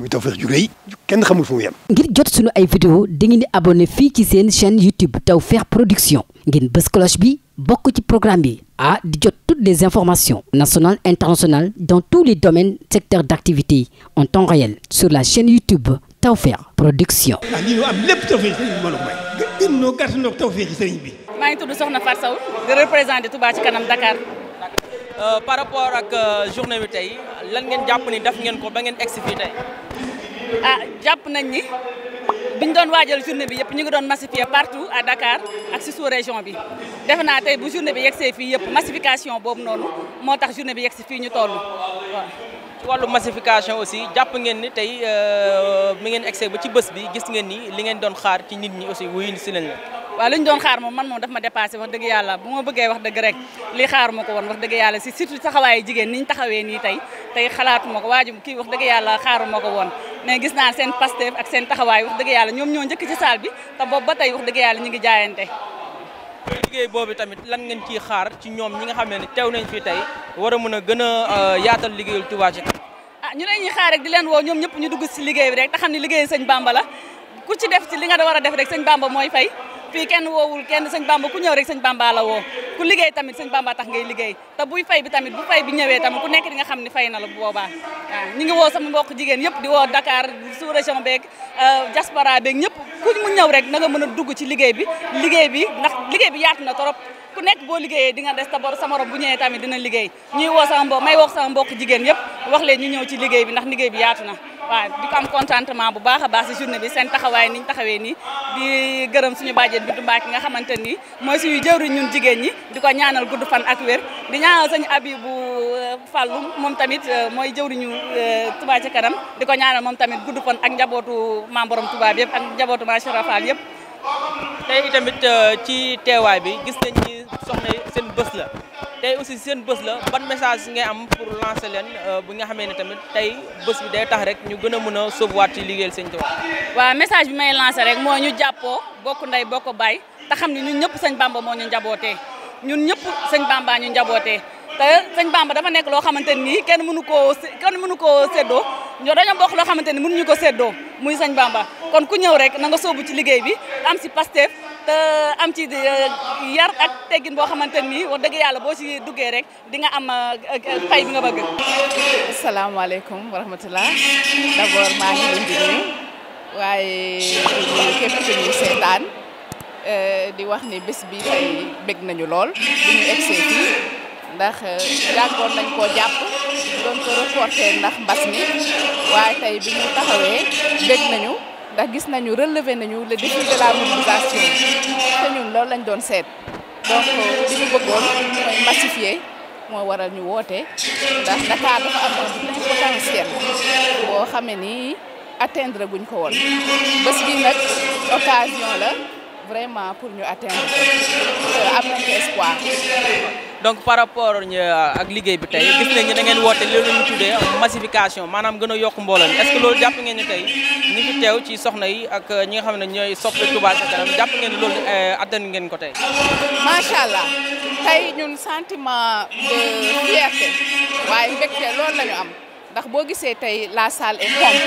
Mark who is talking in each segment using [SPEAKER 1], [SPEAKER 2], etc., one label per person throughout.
[SPEAKER 1] muy Tawfekh ju rëy kenn xamul fu mu yem. ngir jot sunu ay vidéo dangeen di abonné fii ci seen chaîne YouTube Tawfekh Production ngeen bës bi bokk ci programme bi ah di jot toutes les informations nationales internationales dans tous les domaines secteurs d'activité en temps réel sur la chaîne YouTube Tawfekh Production.
[SPEAKER 2] ah lii am lépp Tawfekh sëriñ bi may. bi.
[SPEAKER 1] maa ngi tudd Soxna Fatou Sow di représenter Touba ci kanam Dakar.
[SPEAKER 2] Euh, par rapport ak euh, journée bi tey lan ngeen jàpp ni def ngeen ko ba ngeen egsi fii tey.
[SPEAKER 1] ah jàpp nañ ni biñ doon waajal journée bi yëpp ñu ngi doon massifier partout à Dakar ak si sous région bi defe naa tey bu journée bi yegsee fii yëpp massification boobu noonu moo tax journée bi yegsi fii ñu toll
[SPEAKER 2] waaw. ci aussi jàpp ngeen ni tey euh, mu ngeen exe ba ci bës bi gis ngeen ni li ngeen doon xaar ci nit ñi aussi wuyu si leen la.
[SPEAKER 1] waaw li ñu doon xaar moom man moom daf ma dépassé wax dëgg yàlla bu ma bëggee wax dëgg rek li xaar ma ko woon wax dëgg yàlla si surtout taxawaayu jigéen ni taxawee nii tey tey xalaatu ko waaju kii wax dëgg yàlla xaar ma ko woon mais gis naa seen Pastef ak seen taxawaay wax dëgg yàlla ñoom ñoo njëkk ci salle bi ba tey wax dëgg yàlla ñu ngi jaayante
[SPEAKER 2] liggéey boobu tamit lan ngeen ciy xaar ci ñoom ñi nga xam ne teew nañ fi tey mën gën a euh, yaatal liggéeyul Touba ci
[SPEAKER 1] ah ñu leen ñuy leen woo ñoom ñëpp ñu dugg si liggéey bi rek te xam liggéey sëñ Bamba la ku ci def ci li nga war a def rek sëñ Bamba mooy fay fii kenn woowul kenn sëñ bamba ku ñëw rek sëñ bamba la woo ku liggéey tamit sëñ bamba tax ngay liggéey te buy fay bi tamit bu fay bi ñëwee tamit nekk di nga xam ne fay na la bu boobaa waaw woo sama mbokk jigéen yëpp di woo Dakar sous région beeg euh, diaspora beeg ñëpp ku mu ñëw rek na nga mën a dugg ci liggéey bi liggéey bi ndax liggéey bi yaatu na trop ku nekk boo liggéeyee dinga nga des te bor sa morom bu ñëwee tamit dina liggéey ñuy woo sama mbokk may wax sama mbokk jigéen yëpp wax leen ñu ñëw ci liggéey bi ndax liggéey bi yaatu na waaw di ko am contentement bu baax a baax si journée bi seen taxawaay niñ taxawee nii di gërëm suñu bàjjen bi du Mbacke nga xamante ni mooy suñu jëwriñ ñun jigéen ñi di ko ñaanal gudd fan ak wér di ñaanal sëñ Abibu euh, Fàllu moom tamit euh, mooy jëwriñu euh, Touba ci kanam di ko ñaanal moom tamit gudd fan ak njabootu maam borom Touba bi ak njabootu maam Chara Fall yëpp
[SPEAKER 2] tey ci teewaay bi gis nañ soxna yi seen bës la tey aussi seen bës la ban message ngay am pour lancer leen euh, bu nga xamee ne tamit tey bës bi day tax rek ñu gën a mën a sauvewaat ci liggéeyal seen Tuubaa
[SPEAKER 1] waaw message bi may lancer rek moo ñu jàppoo bokk ndey bokk baay te xam ne ñun ñëpp sëñ Bamba moo ñu njabootee ñun ñëpp sëñ Bamba ñu njabootee te sëñ Bamba dafa nekk loo xamante nii kenn mënu koo kenn mënu koo séddoo ñoo dañoo bokk loo xamante ni mënuñu ko séddoo muy sëñ Bamba kon ku ñëw rek na nga sóobu ci liggéey bi am si te euh, am ci euh, yar ak teggin boo xamante ni wax dëgg yàlla boo ci duggee rek di nga am euh, fay bi nga bëgg. asalaamaaleykum wa rahmatulah
[SPEAKER 3] d'abord maa ngi waaye képp ku ñu seetaan di wax ni bés bi tey bég nañu lool bu ñu egsee ndax yàggoon nañ koo jàpp doon ko reporté ndax mbas mi waaye tey bi ñu taxawee bég nañu. ndax gis nañu relever nañu le défi de la mobilisation te ñun loolu lañ doon seet donc euh, li ñu bëggoon mooy massifier moo waral ñu woote ndax Dakar dafa am un potentiel boo xamee ni atteindre guñ ko woon bés bi nag occasion la vraiment pour ñu atteindre euh, am espoir.
[SPEAKER 2] donc par rapport euh, ak liggéey bi tey gis nañ ne da ngeen woote loolu ñu tuddee massification maanaam gën a yokk mbooloo mi est-ce que loolu jàpp ngeen ni tey ñi fi teew ci soxna yi ak ñi nga xam ne ñooy soppe Touba Ca Kanam jàpp ngeen loolu euh, attan ngeen ko tey.
[SPEAKER 3] macha allah tey ñun sentiment de fierté waaye mbégte loolu la ñu am ndax boo gisee tey la salle est comble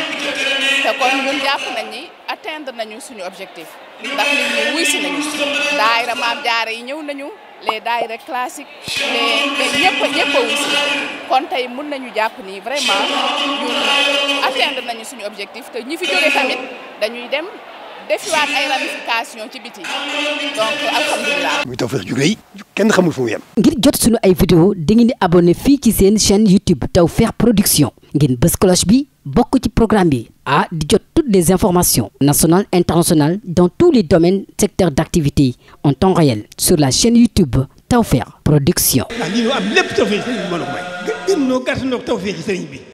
[SPEAKER 3] te kon ñun jàpp nañ atteindre nañu suñu objectif ndax maam jaare yi ñëw nañu les daayira classiques les les ñëpp a kon tey mun nañu jàpp ni vraiment ñun nañu suñu objectif te ñi fi jóge tamit dañuy dem defiwaat ay ramification ci biti donc
[SPEAKER 1] alhamdulilah. muy Tawfekh kenn xamul fu mu yem. ngir jot suñu ay vidéo dangeen di abonné fii ci seen chaîne YouTube Tawfekh Production ngeen bës cloche bi. bokk ci programme bi ah di jot toutes les informations nationales internationales dans tous les domaines secteurs d'activité en temps réel sur la chaîne YouTube Tawfekh Production.
[SPEAKER 2] ah lii am lépp tawfeex sëriñ bi mën a may. gën noo gàtt noo tawfeex sëriñ bi.